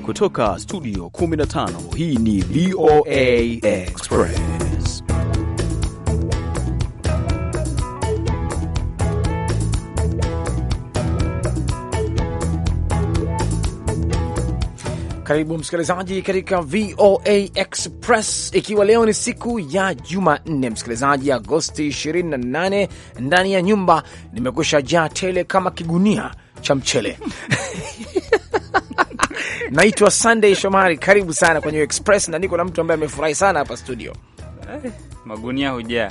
Kutoka studio 15 hii ni VOA Express. Karibu msikilizaji katika VOA Express, ikiwa leo ni siku ya Jumanne msikilizaji, Agosti 28. Ndani ya nyumba nimekusha jaa tele kama kigunia cha mchele Naitwa Sunday Shomari, karibu sana kwenye Express na niko na mtu ambaye amefurahi sana hapa studio. Eh, magunia hujaa.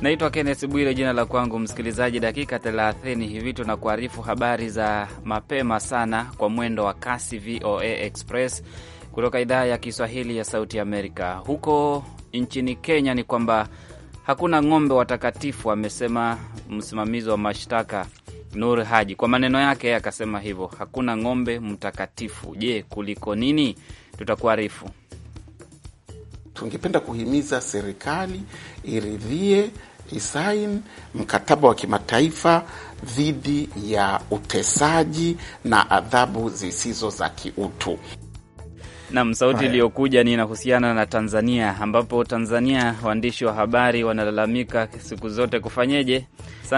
Naitwa Kenneth Bwire, jina la kwangu msikilizaji. Dakika 30 hivi tunakuarifu habari za mapema sana kwa mwendo wa kasi, VOA Express kutoka idhaa ya Kiswahili ya Sauti Amerika. Huko nchini Kenya ni kwamba hakuna ng'ombe watakatifu, amesema msimamizi wa mashtaka Nur Haji. Kwa maneno yake yeye akasema hivyo, hakuna ng'ombe mtakatifu. Je, kuliko nini? Tutakuarifu. Tungependa kuhimiza serikali iridhie isain mkataba wa kimataifa dhidi ya utesaji na adhabu zisizo za kiutu. Nam sauti iliyokuja ni inahusiana na Tanzania, ambapo Tanzania waandishi wa habari wanalalamika siku zote, kufanyeje?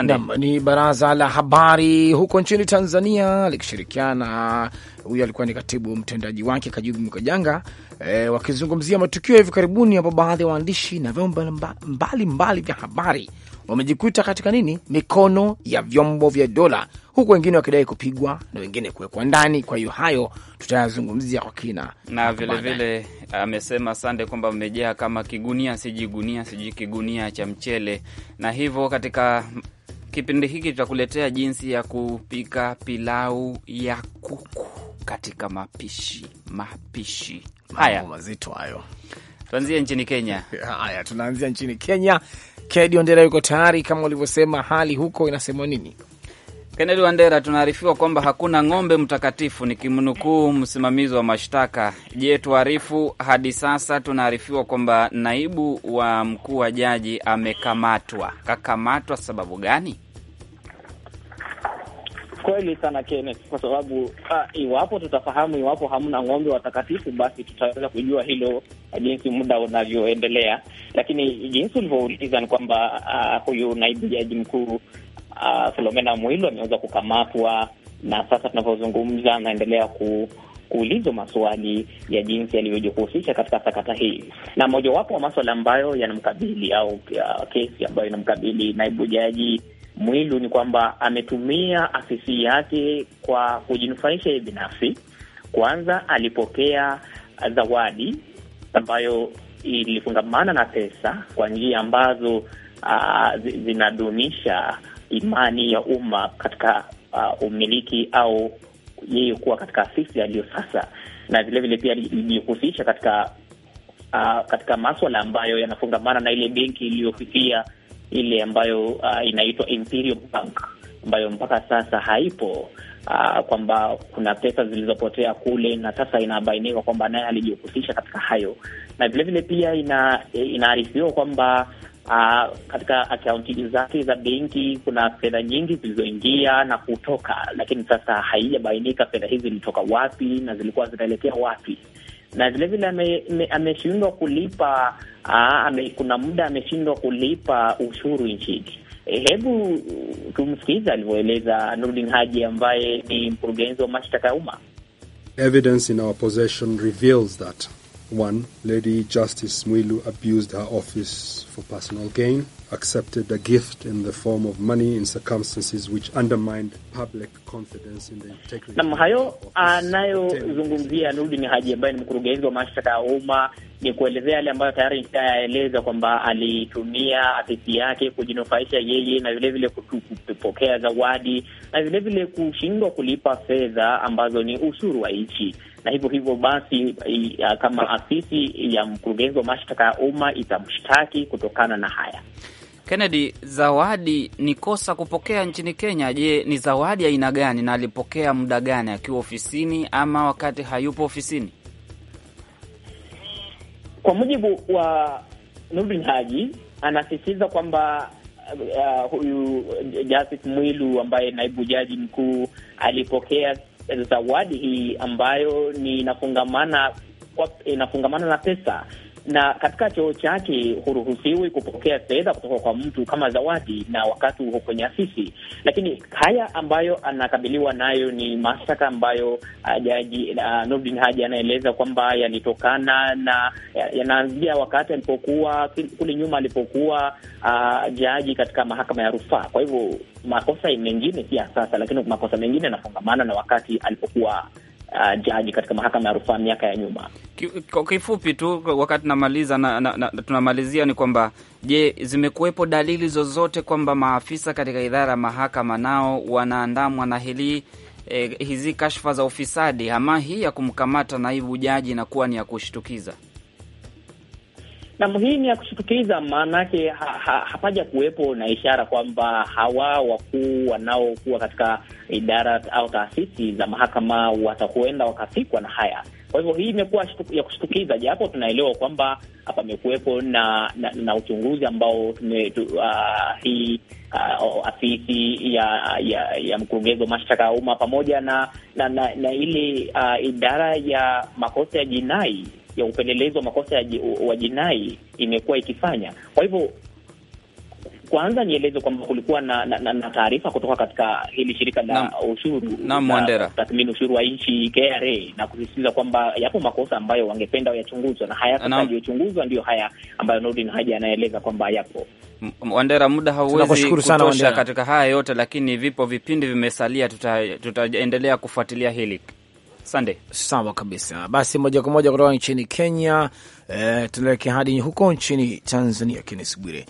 Nam ni baraza la habari huko nchini Tanzania likishirikiana, huyo alikuwa ni katibu mtendaji wake Kajubi Mkajanga, e, wakizungumzia matukio ya hivi karibuni, ambapo baadhi ya waandishi na vyombo mbalimbali vya habari wamejikuta katika nini, mikono ya vyombo vya dola, huku wengine wakidai kupigwa na wengine kuwekwa ndani. Kwa hiyo hayo tutayazungumzia kwa kina, na vilevile amesema Sande kwamba mmejaa kama kigunia sijigunia gunia kigunia cha mchele, na hivyo katika kipindi hiki tutakuletea jinsi ya kupika pilau ya kuku katika mapishi mapishi haya mazito hayo. Tuanzie nchini Kenya. Haya, tunaanzia nchini Kenya Kennedy Wandera yuko tayari kama ulivyosema, hali huko inasemwa nini? Kennedy Wandera, tunaarifiwa kwamba hakuna ng'ombe mtakatifu, nikimnukuu msimamizi wa mashtaka. Je, tuarifu hadi sasa tunaarifiwa kwamba naibu wa mkuu wa jaji amekamatwa. Kakamatwa sababu gani? kweli sana Kenneth, kwa sababu ha, ah, iwapo tutafahamu, iwapo hamna ng'ombe watakatifu, basi tutaweza kujua hilo ah, jinsi muda unavyoendelea. Lakini jinsi ulivyouliza ni kwamba ah, huyu naibu jaji mkuu uh, Filomena Mwilu ameweza kukamatwa na sasa tunavyozungumza anaendelea ku kuulizwa maswali ya jinsi yalivyojihusisha katika sakata hii, na mojawapo wa maswala ambayo yanamkabili au kesi ambayo inamkabili naibu jaji Mwilu ni kwamba ametumia afisi yake kwa kujinufaisha yeye binafsi. Kwanza alipokea zawadi ambayo ilifungamana na pesa kwa njia ambazo uh, zinadunisha imani ya umma katika uh, umiliki au yeye kuwa katika afisi aliyo sasa, na vilevile pia ilijihusisha katika uh, katika maswala ambayo yanafungamana na ile benki iliyofikia ile ambayo uh, inaitwa Imperial Bank ambayo mpaka sasa haipo, uh, kwamba kuna pesa zilizopotea kule na sasa inabainika kwamba naye alijihusisha katika hayo, na vilevile pia ina, inaarifiwa kwamba Uh, katika akaunti zake za benki kuna fedha nyingi zilizoingia na kutoka, lakini sasa haijabainika fedha hizi zilitoka wapi na zilikuwa zinaelekea wapi, na vilevile ameshindwa kulipa aa, ah, ame, kuna muda ameshindwa kulipa ushuru nchini. Eh, hebu tumsikiliza alivyoeleza Nurdin Haji ambaye ni mkurugenzi wa mashtaka ya umma. Evidence in our possession reveals that One, Lady Justice Mwilu abused her office for personal gain, accepted a gift in the form of money in circumstances which undermined public confidence in the integrity. Na hayo anayozungumzia Nurdin Haji ambaye ni mkurugenzi wa mashtaka ya umma ni kuelezea yale ambayo tayari nishayaeleza kwamba alitumia afisi yake kujinufaisha yeye na vilevile kupokea zawadi na vilevile kushindwa kulipa fedha ambazo ni ushuru wa nchi na hivyo hivyo basi, kama afisi ya mkurugenzi wa mashtaka ya umma itamshtaki kutokana na haya. Kennedy, zawadi ni kosa kupokea nchini Kenya. Je, ni zawadi aina gani na alipokea muda gani, akiwa ofisini ama wakati hayupo ofisini? Kwa mujibu wa Nurdin Haji, anasisitiza kwamba uh, huyu Justice Mwilu ambaye naibu jaji mkuu alipokea zawadi hii ambayo ni inafungamana inafungamana na pesa na katika choo chake huruhusiwi kupokea fedha kutoka kwa mtu kama zawadi, na wakati huo kwenye afisi. Lakini haya ambayo anakabiliwa nayo ni mashtaka ambayo ah, jaji uh, ah, Noordin Haji anaeleza kwamba yalitokana na yanaanzia wakati alipokuwa kule nyuma alipokuwa uh, jaji katika mahakama ya rufaa. Kwa hivyo makosa mengine si ya sasa, lakini makosa mengine yanafungamana na wakati alipokuwa uh, jaji katika mahakama ya rufaa miaka ya nyuma. Kwa kifupi tu, wakati namaliza na, na, na, tunamalizia ni kwamba je, zimekuwepo dalili zozote kwamba maafisa katika idara ya mahakama nao wanaandamwa na hili eh, hizi kashfa za ufisadi ama hii ya kumkamata naibu jaji na kuwa ni ya kushtukiza? na hii ni ya kushtukiza, maanake ha, ha, hapaja kuwepo na ishara kwamba hawa wakuu wanaokuwa katika idara au taasisi za mahakama watakuenda wakafikwa na haya. Kwa hivyo hii imekuwa ya kushtukiza, japo tunaelewa kwamba pamekuwepo na, na, na uchunguzi ambao tume, uh, hii uh, afisi ya ya, ya mkurugenzi wa mashtaka ya umma pamoja na, na, na, na ile uh, idara ya makosa ya jinai ya upelelezi wa makosa ya wa jinai imekuwa ikifanya. Kwa hivyo kwanza nieleze kwamba kulikuwa na, na, na, na taarifa kutoka katika hili shirika la ushuru na tathmini ushuru wa nchi KRA, na kusisitiza kwamba yapo makosa ambayo wangependa yachunguzwa na haya hayatayochunguzwa, ndiyo haya ambayo Nordin Haji anaeleza kwamba yapo. Wandera, muda hauwezi kutosha katika haya yote, lakini vipo vipindi vimesalia, tutaendelea tuta kufuatilia hili. Sunday. Sawa kabisa. Basi moja kwa moja kutoka nchini Kenya e, eh, tunaelekea hadi huko nchini Tanzania. Kennes Bwire,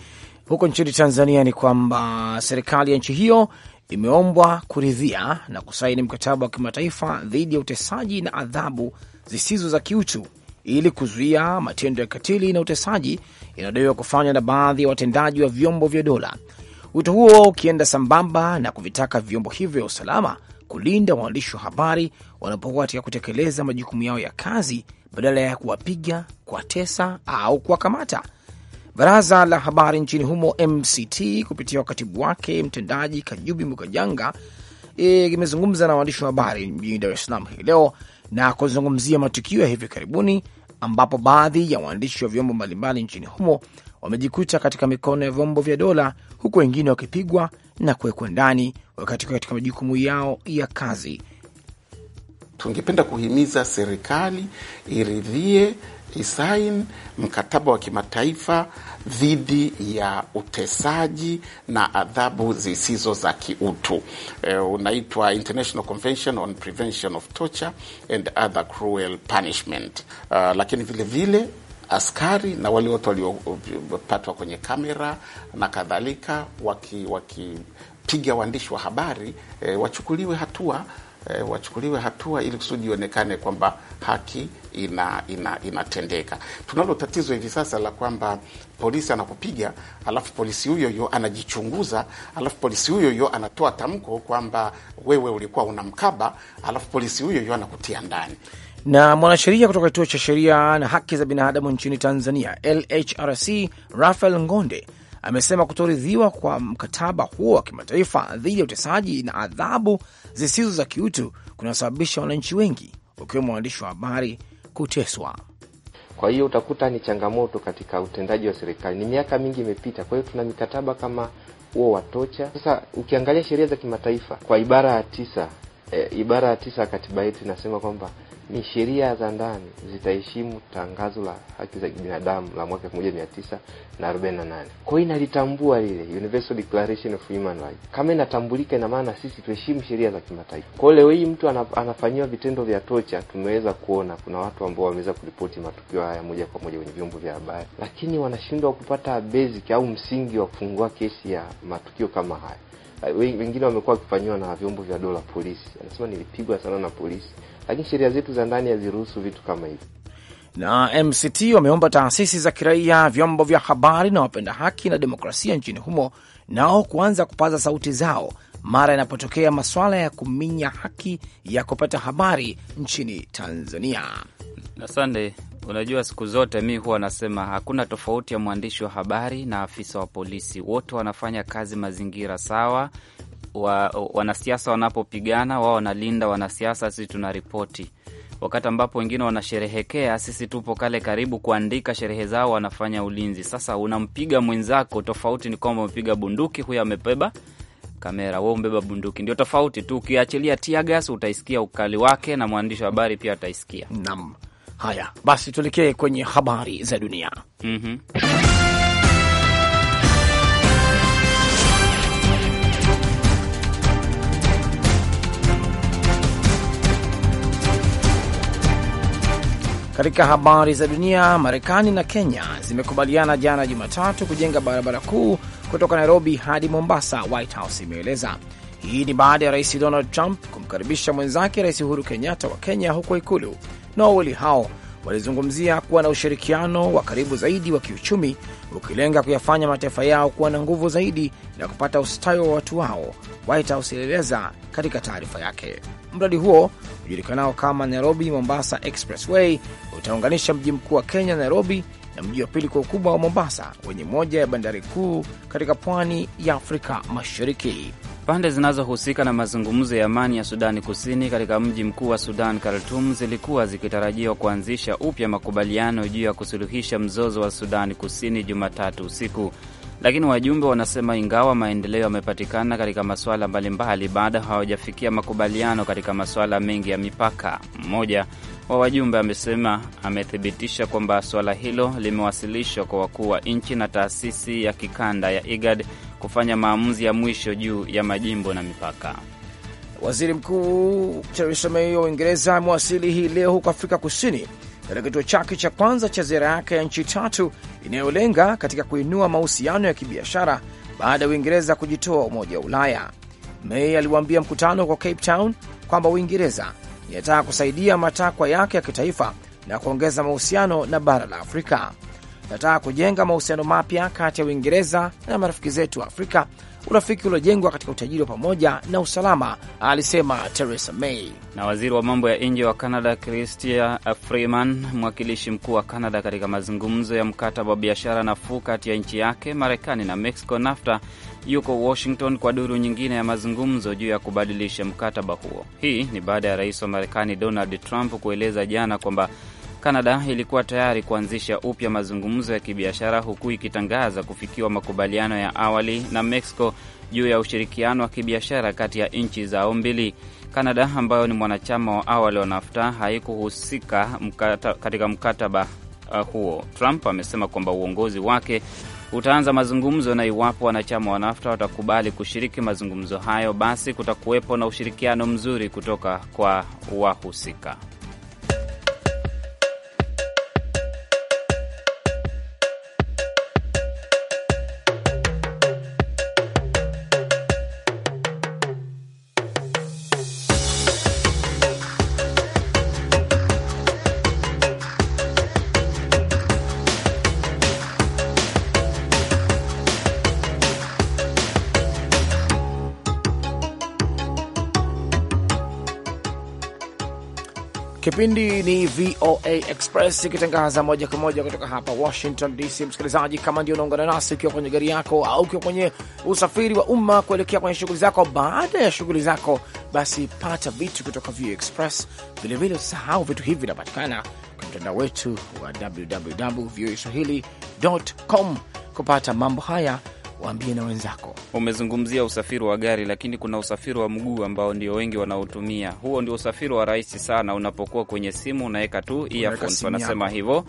huko nchini Tanzania ni kwamba serikali ya nchi hiyo imeombwa kuridhia na kusaini mkataba wa kimataifa dhidi ya utesaji na adhabu zisizo za kiutu ili kuzuia matendo ya katili na utesaji yanayodaiwa kufanywa na baadhi ya watendaji wa vyombo vya dola. Wito huo ukienda sambamba na kuvitaka vyombo hivyo vya usalama kulinda waandishi wa habari wanapokuwa katika kutekeleza majukumu yao ya kazi badala ya kuwapiga, kuwatesa au kuwakamata. Baraza la habari nchini humo MCT kupitia wakatibu wake mtendaji Kajubi Mukajanga e, imezungumza e, na waandishi wa habari mjini Dar es Salaam hii leo na kuzungumzia matukio ya hivi karibuni ambapo baadhi ya waandishi wa vyombo mbalimbali nchini humo wamejikuta katika mikono ya vyombo vya dola huku wengine wakipigwa na kuwekwa ndani wakati katika majukumu yao ya kazi. Tungependa kuhimiza serikali iridhie isain mkataba wa kimataifa dhidi ya utesaji na adhabu zisizo za kiutu e, unaitwa International Convention on Prevention of Torture and Other Cruel Punishment. Uh, lakini vilevile vile, askari na wale wote waliopatwa kwenye kamera na kadhalika waki, waki kuwapiga waandishi wa habari e, wachukuliwe hatua e, wachukuliwe hatua ili kusudi ionekane kwamba haki ina, ina, inatendeka. Tunalo tatizo hivi sasa la kwamba polisi anakupiga, alafu polisi huyo huyo anajichunguza, alafu polisi huyo huyo anatoa tamko kwamba wewe ulikuwa unamkaba, alafu polisi huyo huyo anakutia ndani na mwanasheria kutoka kituo cha sheria na haki za binadamu nchini Tanzania, LHRC, Rafael Ngonde amesema kutoridhiwa kwa mkataba huo wa kimataifa dhidi ya utesaji na adhabu zisizo za kiutu kunasababisha wananchi wengi, ukiwemo waandishi wa habari kuteswa. Kwa hiyo utakuta ni changamoto katika utendaji wa serikali. Ni miaka mingi imepita, kwa hiyo tuna mikataba kama huo watocha. Sasa ukiangalia sheria za kimataifa kwa ibara ya tisa, e, ibara ya tisa ya katiba yetu inasema kwamba ni sheria za ndani zitaheshimu tangazo la haki za kibinadamu la mwaka 1948. Kwa hiyo inalitambua lile Universal Declaration of Human Rights. Kama inatambulika, ina maana sisi tuheshimu sheria za kimataifa. Kwa hiyo leo hii mtu anafanyiwa vitendo vya tocha, tumeweza kuona kuna watu ambao wameweza kuripoti matukio haya moja kwa moja kwenye vyombo vya habari, lakini wanashindwa kupata basic au msingi wa kufungua kesi ya matukio kama haya. Eh, wengine wamekuwa wakifanyiwa na vyombo vya dola, polisi. Anasema nilipigwa sana na polisi, lakini sheria zetu za ndani haziruhusu vitu kama hivi. Na MCT wameomba taasisi za kiraia, vyombo vya habari na wapenda haki na demokrasia nchini humo nao kuanza kupaza sauti zao mara yanapotokea maswala ya kuminya haki ya kupata habari nchini Tanzania. Asante Unajua, siku zote mi huwa nasema hakuna tofauti ya mwandishi wa habari na afisa wa polisi, wote wanafanya kazi mazingira sawa. Wa, wanasiasa wanapopigana wao wanalinda wanasiasa, sisi tuna ripoti. Wakati ambapo wengine wanasherehekea, sisi tupo kale karibu kuandika sherehe zao, wanafanya ulinzi. Sasa unampiga mwenzako, tofauti ni kwamba umepiga bunduki, huyo amebeba kamera, we umbeba bunduki, ndio tofauti tu. Ukiachilia tiagas, utaisikia ukali wake, na mwandishi wa habari pia ataisikia. Naam. Haya basi, tuelekee kwenye habari za dunia. mm -hmm. Katika habari za dunia, Marekani na Kenya zimekubaliana jana Jumatatu kujenga barabara kuu kutoka Nairobi hadi Mombasa, White House imeeleza. Hii ni baada ya Rais Donald Trump kumkaribisha mwenzake Rais Uhuru Kenyatta wa Kenya huko Ikulu na wawili hao walizungumzia kuwa na ushirikiano wa karibu zaidi wa kiuchumi ukilenga kuyafanya mataifa yao kuwa na nguvu zaidi na kupata ustawi wa watu wao. White House ilieleza katika taarifa yake, mradi huo ujulikanao kama Nairobi Mombasa Expressway utaunganisha mji mkuu wa Kenya, Nairobi, na mji wa pili kwa ukubwa wa Mombasa wenye moja ya bandari kuu katika pwani ya Afrika Mashariki. Pande zinazohusika na mazungumzo ya amani ya Sudani Kusini katika mji mkuu wa Sudan, Khartum, zilikuwa zikitarajiwa kuanzisha upya makubaliano juu ya kusuluhisha mzozo wa Sudani Kusini Jumatatu usiku. Lakini wajumbe wanasema ingawa maendeleo yamepatikana katika masuala mbalimbali, bado hawajafikia makubaliano katika masuala mengi ya mipaka. Mmoja wa wajumbe amesema amethibitisha kwamba suala hilo limewasilishwa kwa wakuu wa nchi na taasisi ya kikanda ya IGAD kufanya maamuzi ya mwisho juu ya majimbo na mipaka. Waziri Mkuu Theresa May wa Uingereza amewasili hii leo huko Afrika Kusini katika kituo chake cha kwanza cha ziara yake ya nchi tatu inayolenga katika kuinua mahusiano ya kibiashara baada ya Uingereza kujitoa Umoja wa Ulaya. May aliwaambia mkutano kwa Cape Town kwamba Uingereza inataka kusaidia matakwa yake ya kitaifa na kuongeza mahusiano na bara la Afrika. Nataka kujenga mahusiano mapya kati ya Uingereza na marafiki zetu wa Afrika urafiki uliojengwa katika utajiri wa pamoja na usalama, alisema Theresa May. Na waziri wa mambo ya nje wa Canada Chrystia Freeman, mwakilishi mkuu wa Canada katika mazungumzo ya mkataba wa biashara nafuu kati ya nchi yake, Marekani na Mexico, NAFTA, yuko Washington kwa duru nyingine ya mazungumzo juu ya kubadilisha mkataba huo. Hii ni baada ya rais wa Marekani Donald Trump kueleza jana kwamba Kanada ilikuwa tayari kuanzisha upya mazungumzo ya kibiashara huku ikitangaza kufikiwa makubaliano ya awali na Mexico juu ya ushirikiano wa kibiashara kati ya nchi zao mbili. Kanada ambayo ni mwanachama wa awali wa NAFTA haikuhusika mkata, katika mkataba uh, huo. Trump amesema kwamba uongozi wake utaanza mazungumzo na iwapo wanachama wa NAFTA watakubali kushiriki mazungumzo hayo, basi kutakuwepo na ushirikiano mzuri kutoka kwa wahusika. Kipindi ni VOA Express ikitangaza moja kwa moja kutoka hapa Washington DC. Msikilizaji, kama ndio unaungana nasi ukiwa kwenye gari yako au ukiwa kwenye usafiri wa umma kuelekea kwenye shughuli zako, baada ya shughuli zako, basi pata vitu kutoka VOA Express. Vilevile usisahau vitu hivi vinapatikana kwenye mtandao wetu wa www voaswahili.com kupata mambo haya waambie na wenzako. Umezungumzia usafiri wa gari, lakini kuna usafiri wa mguu ambao ndio wengi wanaotumia. Huo ndio usafiri wa rahisi sana, unapokuwa kwenye simu unaweka tu earphones, wanasema hivyo.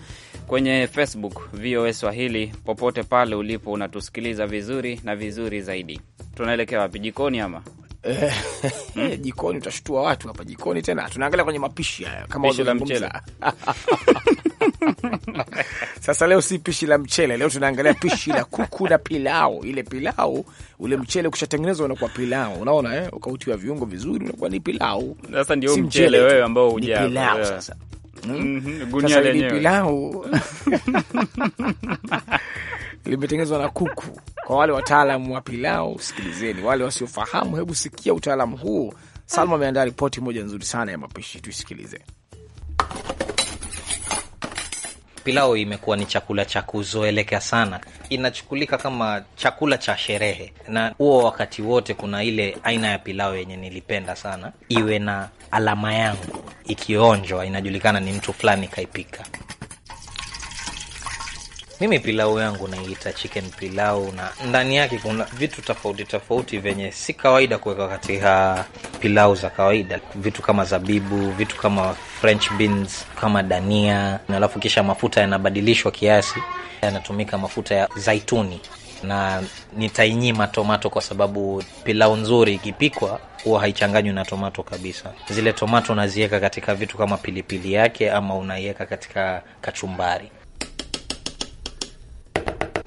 Kwenye Facebook VOA Swahili, popote pale ulipo unatusikiliza vizuri na vizuri zaidi. Tunaelekea wapi? Jikoni ama eh, Hmm? Jikoni utashtua watu hapa jikoni tena, tunaangalia kwenye mapishi haya kama pishi la mchele Sasa leo si pishi la mchele, leo tunaangalia pishi la kuku na pilau. Ile pilau, ule mchele ukishatengenezwa unakuwa pilau, unaona eh, ukautiwa viungo vizuri, unakuwa ni pilau. Sasa ndio mchele wewe ambao hujaa pilau eh. sasa Mm -hmm. Gunia lenyewe pilau limetengenezwa na kuku. Kwa wale wataalamu wa pilau, sikilizeni. Wale wasiofahamu, hebu sikia utaalamu huu. Salma ameandaa ripoti moja nzuri sana ya mapishi, tuisikilize pilau imekuwa ni chakula cha kuzoelekea sana, inachukulika kama chakula cha sherehe, na huo wakati wote kuna ile aina ya pilau yenye nilipenda sana, iwe na alama yangu, ikionjwa inajulikana ni mtu fulani kaipika. Mimi pilau yangu naiita chicken pilau, na ndani yake kuna vitu tofauti tofauti vyenye si kawaida kuweka katika pilau za kawaida, vitu kama zabibu, vitu kama french beans kama dania, na alafu kisha mafuta yanabadilishwa kiasi, yanatumika mafuta ya zaituni na nitainyima tomato kwa sababu pilau nzuri ikipikwa huwa haichanganywi na tomato kabisa. Zile tomato unaziweka katika vitu kama pilipili yake, ama unaiweka katika kachumbari.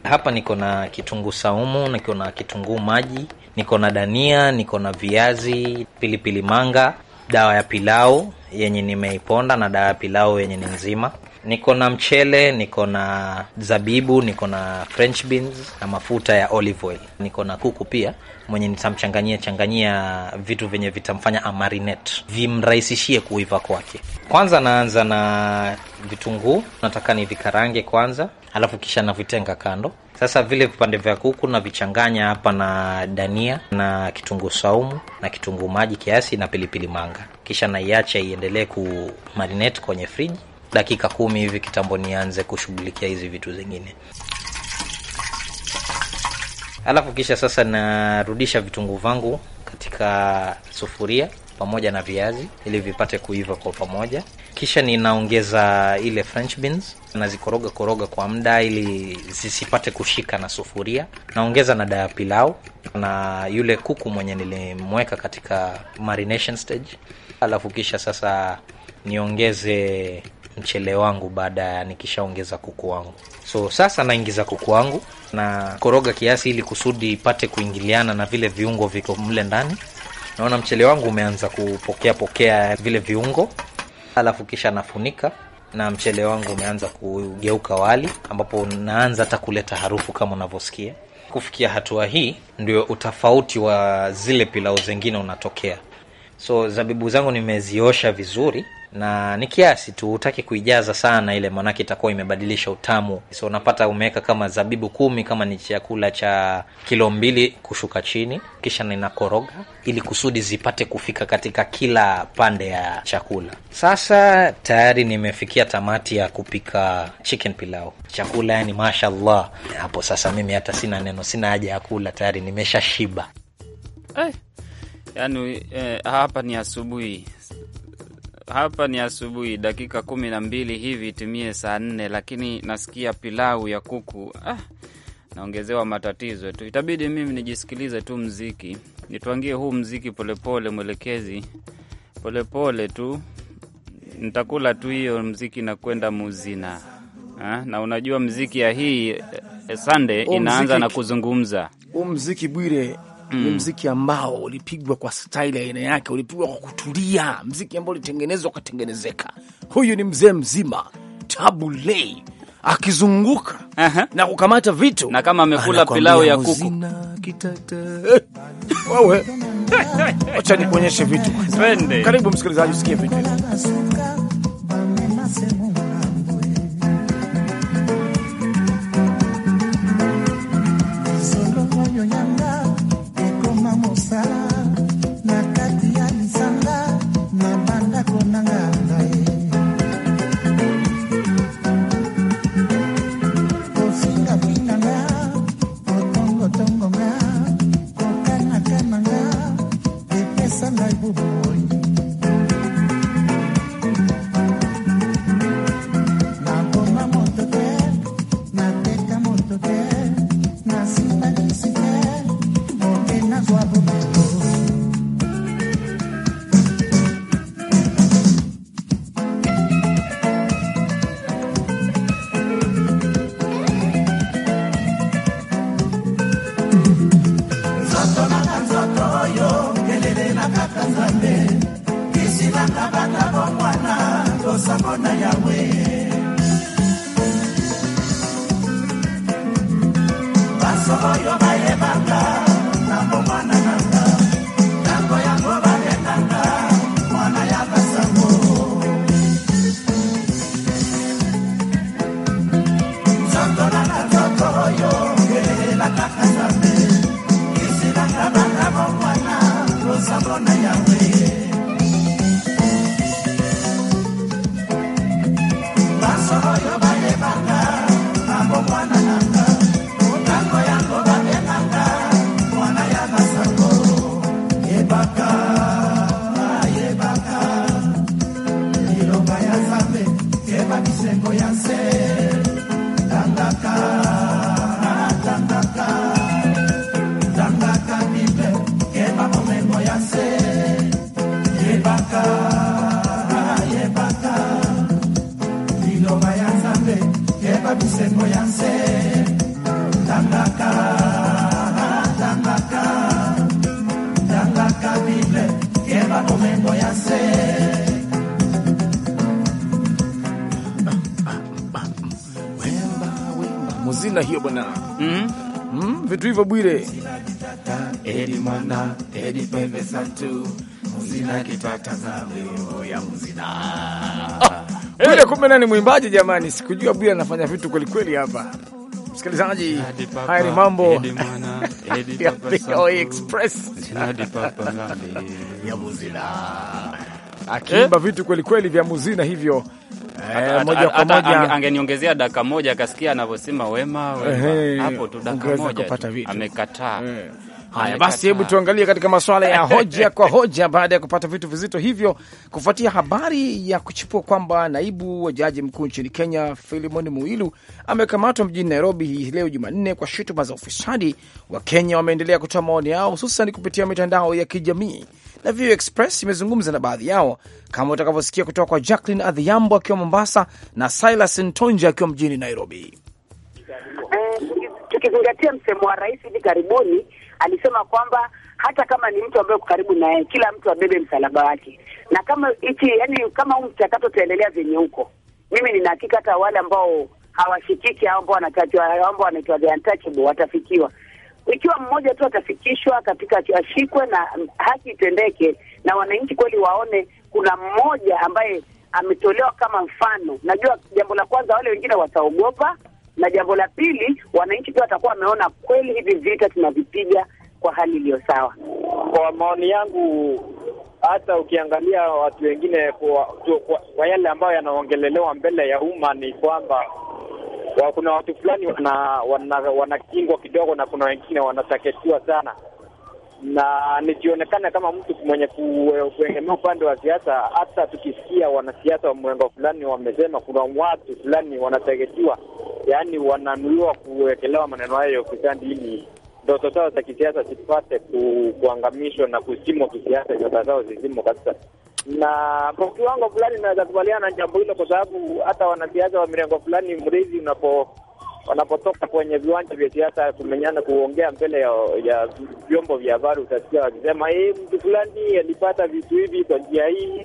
Hapa niko na kitunguu saumu, niko na kitunguu maji, niko na dania, niko na viazi, pilipili manga dawa ya pilau yenye nimeiponda na dawa ya pilau yenye ni nzima Niko na mchele, niko na zabibu, niko na french beans na mafuta ya olive oil. Niko na kuku pia mwenye nitamchanganyia changanyia vitu vyenye vitamfanya amarinet vimrahisishie kuiva kwake. Kwanza naanza na vitunguu, nataka vikarange kwanza, alafu kisha navitenga kando. Sasa vile vipande vya kuku navichanganya hapa na dania na kitunguu saumu na kitunguu maji kiasi na pilipili manga, kisha naiacha iendelee kumarinate kwenye friji dakika kumi hivi kitambo nianze kushughulikia hizi vitu zingine, alafu kisha sasa narudisha vitunguu vangu katika sufuria pamoja na viazi ili vipate kuiva kwa pamoja. Kisha ninaongeza ile french beans, nazikoroga koroga kwa muda ili zisipate kushika na sufuria. Naongeza na daya pilau na yule kuku mwenye nilimweka katika marination stage, alafu kisha sasa niongeze mchele wangu baada ya nikishaongeza kuku wangu. So sasa naingiza kuku wangu na koroga kiasi, ili kusudi ipate kuingiliana na vile viungo viko mle ndani. Naona mchele wangu umeanza kupokea pokea vile viungo, alafu kisha nafunika na mchele wangu umeanza kugeuka wali, ambapo naanza hata kuleta harufu kama unavyosikia. Kufikia hatua hii, ndio utofauti wa zile pilau zingine unatokea. So zabibu zangu nimeziosha vizuri na ni kiasi tu, hutaki kuijaza sana ile, maanake itakuwa imebadilisha utamu. So unapata umeweka kama zabibu kumi, kama ni chakula cha kilo mbili kushuka chini, kisha ninakoroga ili kusudi zipate kufika katika kila pande ya chakula. Sasa tayari nimefikia tamati ya kupika chicken pilau. Chakula yani, mashallah, hapo sasa mimi hata sina neno, sina haja ya kula, tayari nimesha shiba. Hey, eh, yani, eh, hapa ni asubuhi hapa ni asubuhi, dakika kumi na mbili hivi itumie saa nne, lakini nasikia pilau ya kuku ah, naongezewa matatizo tu. Itabidi mimi nijisikilize tu mziki, nitwangie huu mziki polepole, mwelekezi, polepole tu ntakula tu hiyo mziki na kwenda muzina ah, na unajua mziki ya hii eh, sande inaanza na kuzungumza huu mziki Bwire mm. ni mziki ambao ulipigwa kwa staili ya aina yake, ulipigwa kwa kutulia, mziki ambao ulitengenezwa ukatengenezeka. Huyu ni mzee mzima Tabu Ley akizunguka uh -huh. na kukamata vitu na kama amekula pilau ya kuku wewe, acha nikuonyeshe vitu. Karibu msikilizaji, usikie vitu hazina hiyo bwana mm? Mm, vitu hivyo Bwire Bwire, kumbe nani mwimbaji jamani, sikujua Bwire anafanya vitu kwelikweli hapa. Msikilizaji, haya ni mambo ya VOA Express ya muzina Eh? akiimba eh, vitu kweli kweli vya muzina hivyo eh, moja kwa moja. Angeniongezea dakika moja akasikia anavyosema wema wema, eh, hapo tu dakika moja amekataa eh. Haya basi, hebu tuangalie katika masuala ya hoja kwa hoja, baada ya kupata vitu vizito hivyo, kufuatia habari ya kuchipua kwamba naibu wa jaji mkuu nchini Kenya Filimon Muilu amekamatwa mjini Nairobi hii leo Jumanne kwa shutuma za ufisadi. Wakenya wameendelea kutoa maoni yao, hususan kupitia mitandao ya kijamii na Vio Express imezungumza na baadhi yao, kama utakavyosikia kutoka kwa Jacqueline Adhiambo akiwa Mombasa na Silas Ntonja akiwa mjini Nairobi. Eh, tukizingatia msemo wa rais hivi karibuni alisema kwamba hata kama ni mtu ambaye karibu na yeye, kila mtu abebe msalaba wake, na kama hichi yani, kama huu mchakato utaendelea zenye huko, mimi nina hakika hata wale ambao hawashikiki, ambao au ambao wanaitwa the untouchable watafikiwa. Ikiwa mmoja tu atafikishwa katika, ashikwe na haki itendeke, na wananchi kweli waone kuna mmoja ambaye ametolewa kama mfano. Najua jambo la kwanza, wale wengine wataogopa na jambo la pili, wananchi pia watakuwa wameona kweli hivi vita tunavipiga kwa hali iliyo sawa. Kwa maoni yangu, hata ukiangalia watu wengine kwa, kwa, kwa yale ambayo yanaongelelewa mbele ya umma ni kwamba wa, kuna watu fulani wanakingwa wana, kidogo na kuna wengine wanataketiwa sana na nikionekana kama mtu mwenye kuegemea upande wa siasa, hata tukisikia wanasiasa wa mwengo fulani wamesema kuna watu fulani wanatagetiwa, yaani wananuiwa kuwekelewa maneno hayo ya ufisadi ili ndoto zao za kisiasa zipate ku, kuangamishwa na kusimwa kisiasa, ndoto zao zizimwa kabisa. Na kwa kiwango fulani naweza kubaliana na jambo hilo, kwa sababu hata wanasiasa wa mirengo fulani mrizi unapo wanapotoka kwenye viwanja vya siasa kumenyana, kuongea mbele ya, ya vyombo vya habari, utasikia wakisema eh, mtu fulani alipata vitu hivi kwa njia hii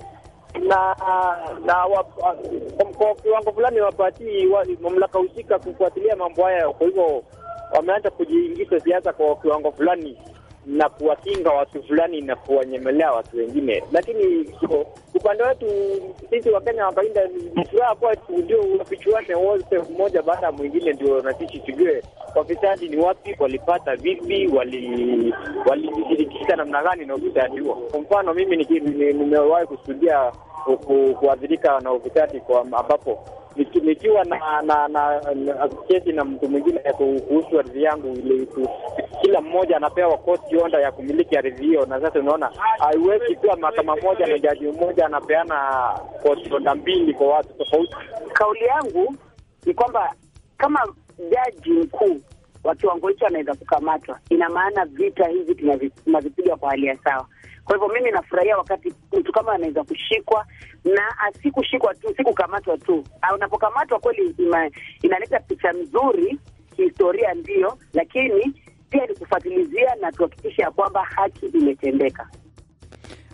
na na kwa kiwango fulani wapatii mamlaka husika kufuatilia mambo haya. Kwa hivyo wameanza kujiingiza siasa kwa kiwango fulani na kuwakinga watu fulani na kuwanyemelea watu wengine. Lakini upande wetu sisi Wakenya wakawinda kawaida, furaha kuwa ndio wafichuane wote mmoja baada ya mwingine, ndio sisi tujue wafisadi ni wapi, walipata vipi, walijishirikisha wali namna gani na ufisadi huo. Kwa mfano mimi nimewahi kusudia kuadhirika na ufisadi kwa ambapo nikiwa na na, na, na na mtu mwingine kuhusu ardhi yangu ile, kila mmoja anapewa koti onda ya kumiliki ardhi hiyo, na sasa unaona haiwezi kuwa mahakama moja na jaji mmoja anapeana koti onda mbili kwa watu tofauti. Kauli yangu ni kwamba kama jaji mkuu wa kiwango hicho anaweza kukamatwa, ina maana vita hivi tunavipiga kwa hali ya sawa. Kwa hivyo mimi nafurahia wakati mtu kama anaweza kushikwa na asikushikwa tu, si kukamatwa tu. Unapokamatwa kweli ina, inaleta picha nzuri kihistoria, ndio lakini pia ni kufuatilizia na tuhakikishe ya kwamba haki imetendeka.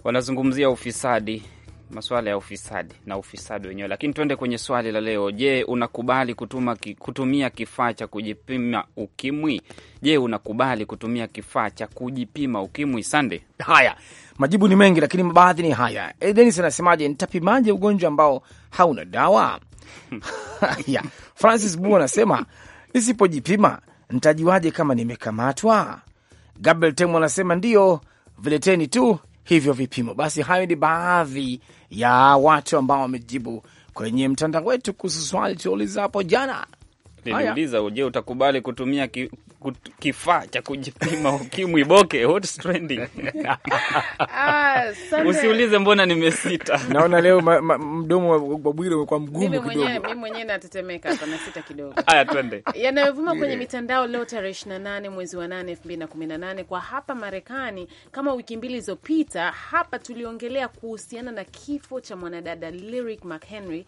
Wanazungumzia ufisadi masuala ya ufisadi na ufisadi wenyewe. Lakini tuende kwenye swali la leo. Je, unakubali kutuma, kutumia kifaa cha kujipima ukimwi? Je, unakubali kutumia kifaa cha kujipima ukimwi? Sande, haya majibu ni mengi, lakini baadhi ni haya. E, Denis anasemaje, nitapimaje ugonjwa ambao hauna dawa? Haya, hmm. Francis Bu anasema nisipojipima nitajuaje kama nimekamatwa? Gabriel Tem anasema ndiyo vileteni tu hivyo vipimo. Basi hayo ni baadhi ya watu ambao wamejibu kwenye mtandao wetu kuhusu swali tuliuliza hapo jana. Niliuliza, je, utakubali kutumia ki, kifaa cha kujipima ukimwi boke what's trending. Ah, Usiulize mbona nimesita. Naona leo ma, ma, mdomo wa Bwire umekuwa mgumu kidogo. Mimi mwenyewe natetemeka hapa, nasita kidogo. Haya, twende yanayovuma kwenye mitandao leo tarehe 28 mwezi wa 8 2018 kwa hapa Marekani. Kama wiki mbili zilizopita hapa tuliongelea kuhusiana na kifo cha mwanadada Lyric McHenry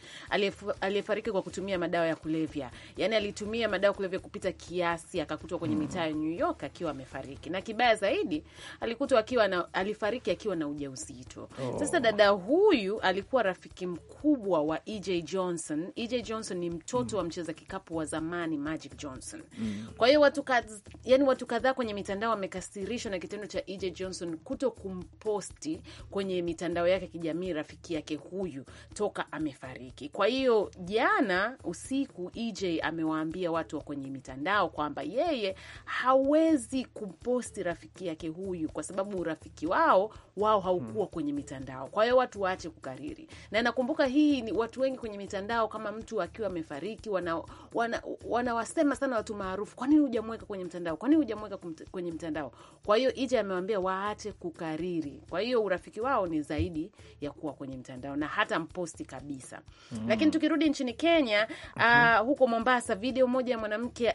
aliyefariki kwa kutumia madawa ya kulevya. Yani alitumia madawa ya kulevya kupita kiasi akakutwa kwenye mm. mitaa ya New York akiwa amefariki, na kibaya zaidi alikutwa akiwa na, alifariki akiwa na ujauzito oh. Sasa dada huyu alikuwa rafiki mkubwa wa EJ Johnson. EJ Johnson ni mtoto mm. wa mcheza kikapu wa zamani Magic Johnson mm. kwa hiyo watu kadhaa, yani watu kadhaa kwenye mitandao wamekasirishwa na kitendo cha EJ Johnson kuto kumposti kwenye mitandao yake kijamii rafiki yake huyu toka amefariki. Kwa hiyo jana usiku EJ amewaambia watu wa kwenye mitandao kwamba yeye hawezi kumposti rafiki yake huyu, kwa sababu urafiki wao wao haukuwa hmm. kwenye mitandao. Kwa hiyo watu waache kukariri, na nakumbuka hii ni watu wengi kwenye mitandao, kama mtu akiwa amefariki, wanawasema wana, wana sana watu maarufu, kwa nini hujamweka kwenye mtandao? Kwa nini hujamweka kwenye mtandao? Kwa hiyo Ije amewambia waache kukariri. Kwa hiyo urafiki wao ni zaidi ya kuwa kwenye mtandao na hata mposti kabisa. hmm. Lakini tukirudi nchini Kenya, uh, huko Mombasa video moja ya mwanamke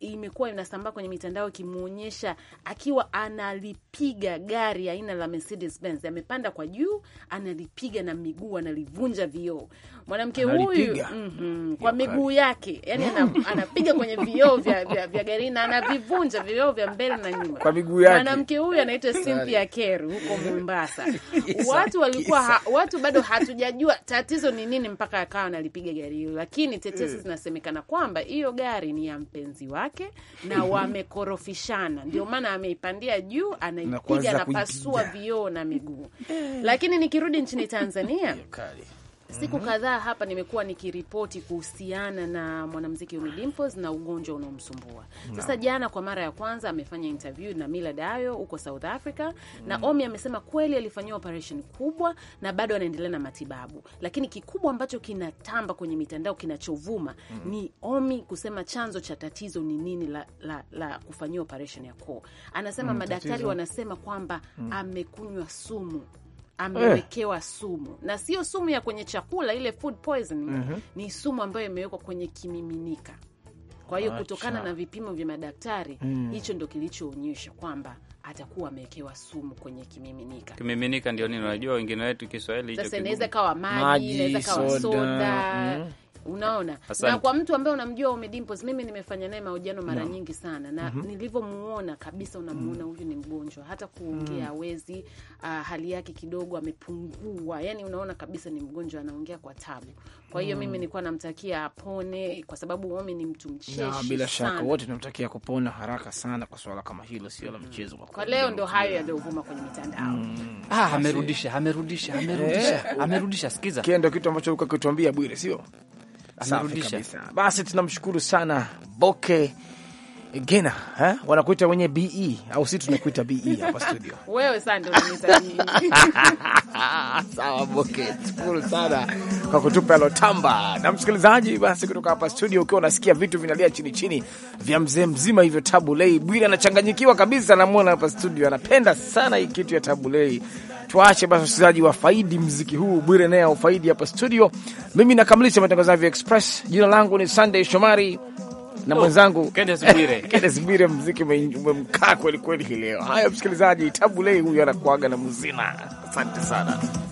imekuwa ina inasambaa kwenye mitandao ikimuonyesha akiwa analipiga gari aina la Mercedes Benz, amepanda kwa juu, analipiga na miguu, analivunja vioo. Mwanamke huyu mm -hmm, kwa miguu yake yani mm. anapiga kwenye vioo vya, vya, vya gari na anavivunja vioo vya mbele na nyuma kwa miguu yake. Mwanamke huyu anaitwa Cynthia Keru huko Mombasa. Watu walikuwa ha, watu bado hatujajua tatizo ni nini mpaka akawa analipiga gari hilo, lakini tetesi mm. zinasemekana kwamba hiyo gari ni ya mpenzi wake na na wamekorofishana, ndio maana ameipandia juu, anaipiga anapasua vioo na miguu. Lakini nikirudi nchini Tanzania Siku mm -hmm. kadhaa hapa nimekuwa nikiripoti kuhusiana na mwanamuziki Ommy Dimpoz na ugonjwa unaomsumbua sasa. Jana kwa mara ya kwanza amefanya interview na Mila Dayo huko South Africa mm -hmm. na Ommy amesema kweli alifanyiwa operation kubwa na bado anaendelea na matibabu, lakini kikubwa ambacho kinatamba kwenye mitandao kinachovuma mm -hmm. ni Ommy kusema chanzo cha tatizo ni nini la, la, la kufanyiwa operation ya koo. Anasema mm madaktari wanasema kwamba mm -hmm. amekunywa sumu amewekewa eh. sumu, na sio sumu ya kwenye chakula ile food poisoning. Mm -hmm. Ni sumu ambayo imewekwa kwenye kimiminika. Kwa hiyo kutokana na vipimo vya madaktari mm, hicho ndo kilichoonyesha kwamba atakuwa amewekewa sumu kwenye kimiminika. Kimiminika ndio nini? Unajua wengine wetu Kiswahili hicho, sasa inaweza kawa maji, inaweza kawa soda, soda. Mm. Unaona, Asante. Na kwa mtu ambaye unamjua Ommy Dimpoz, mimi nimefanya naye mahojiano mara no. nyingi sana na mm -hmm. nilivyomuona kabisa, unamuona mm. huyu mm. ni mgonjwa, hata kuongea mm. hawezi mm. uh, hali yake kidogo amepungua, yani unaona kabisa ni mgonjwa, anaongea kwa tabu. Kwa hiyo mm. mimi nilikuwa namtakia apone, kwa sababu Ommy ni mtu mcheshi na bila shaka wote tunamtakia kupona haraka sana kwa swala kama hilo, sio la mchezo. Kwa kwa leo ndo hayo yaliyovuma kwenye mitandao mm. ah, amerudisha amerudisha amerudisha eh. amerudisha, sikiza, kile ndio kitu ambacho ukakituambia Bwire, sio Safi kabisa. Basi tunamshukuru sana Boke Gena, ha? Eh? Wanakuita wenye BE au si tunakuita BE hapa studio. Wewe sasa Sawa Boke. Shukuru sana kwa kutupa alotamba. Na msikilizaji, basi kutoka hapa studio ukiwa unasikia vitu vinalia chini chini vya mzee mzima hivyo Tabulei Bwili anachanganyikiwa kabisa, namuona hapa studio anapenda sana hii kitu ya Tabulei. Tuache basi wasikilizaji wafaidi mziki huu, Bwire naye aufaidi hapa studio. Mimi nakamilisha matangazo ya Express. Jina langu ni Sunday Shomari na mwenzangu Kenes Bwire. Mziki umemkaa kweli kweli leo. Haya msikilizaji, Tabu Ley huyu anakuaga na muzina. Asante sana.